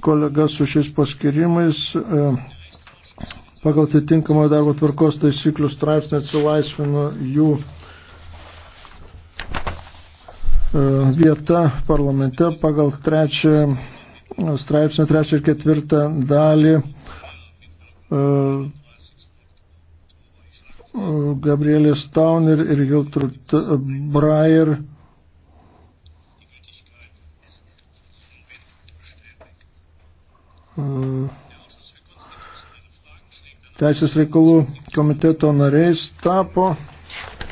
kolega su šiais paskirimais e, pagal atitinkamą darbo tvarkos taisyklių straipsnį atsilaisvino jų e, vieta parlamente pagal trečią e, straipsnį, trečią ir ketvirtą dalį Gabrielės Tauner ir Hiltrud Breyer Teisės reikalų komiteto nariais tapo